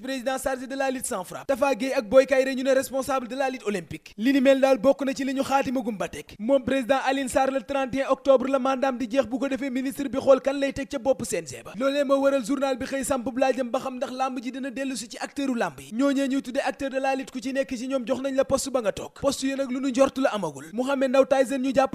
vice de la lutte sans frappe de la lutte olympique li ni mel daal bokk na ci li xaatima gumba teg moom président Aline Sarr octobre la mandaam di jeex bu ko defee ministre bi xool kan lay teg ca bopp CNG ba loolee moo waral journal bi xëy samp laajam ba xam ndax lamb ji dina dellu ci acteuru lamb yi ñooñee ñuy tuddee acteur de la lutte ku ci nekk ci ñoom jox nañ la poste ba nga toog poste yi nag lu nu njort la amagul Mouhamed Ndaw Tyson ñu jàpp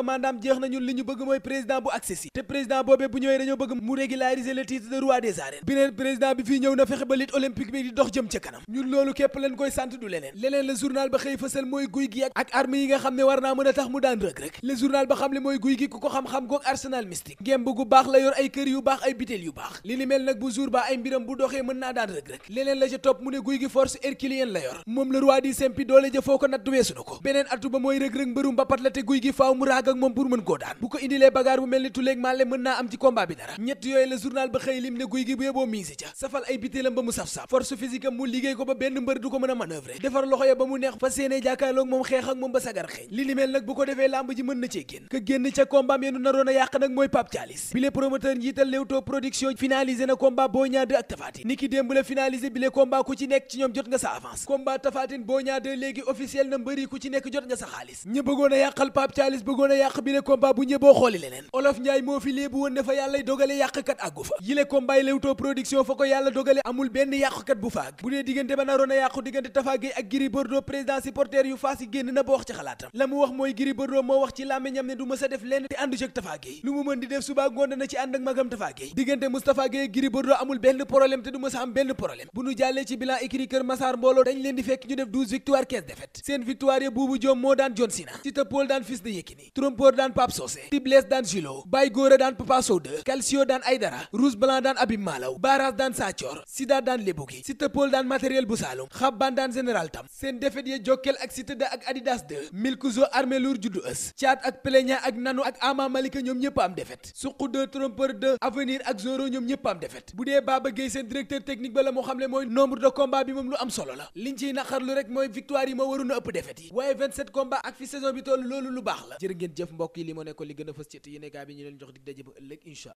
ko mandaam jeex na ñun li ñu bëgg mooy président bu accessi te président boobee bu ñëwee dañoo bëgg mu régulariser le titre de roi des arènes beneen président bi fii ñëw na fexe ba lutte olympique bi di dox jëm ca kanam ñun loolu képp leen koy sant du leneen leneen le journal ba xëy fësal mooy guy gi ak arme yi nga xam ne war naa mën a tax mu daan rëg rek le journal ba xam le mooy guy gi ku ko xam-xam goog arsenal mystique ngémb gu baax la yor ay kër yu ak moom pour mën koo daan bu ko indilee bagaar bu mel ni tuleeg màlle mën naa am ci combat bi dara ñett yooyu la journal ba xëy lim ne guy gi bu yeboo miisi ca safal ay bitéelam la finalisé ku ci nekk jot nga sa xaalis ñi bëggoon yàqal Pape Thialis bëggoon yàq bi le combat bu ñë boo xooli leneen olof njaay moo fi léebu woon ne fa yàllay dogale yàqkat àggu fa yile combat yi Leewtoo production fa ko yàlla dogale amul benn yàqukat bu faag bu dee diggante ba naroon a yàqu diggante Tapha Gueye ak Gris Bordeaux président supporter yu faas yi génn na ba wax ci xalaatam la mu wax mooy Gris Bordeaux moo wax ci làmmiñam ne du ma sa def lenn te àndu ci ak Tapha Gueye lu mu mën di def suba ngoon na ci ànd ak magam Tapha benn problème te du ma sa am benn bu nu jàllee ci bilan écrit Kër Massar mbooloo leen di fekk ñu def 12 victoire 15 défaite seen victoire ya buubu joom moo daan John Sina ci tëppool daan Lompoor daan da ak Avenir ak Zoro ñoom ñëpp am defet bu dee Baba Gueye seen directeur technique ba la moo mooy nombre de combat bi moom lu am solo la liñ ciy naqarlu rek mooy victoire yi moo waroon a ëpp defet yi waaye 27 ak fi saison bi toll loolu lu baax la jërëjëf mbokki yi li moo nekkoon li gën a fës ci yéenekaay bi ñu leen jox dig daje ba ëllëg incha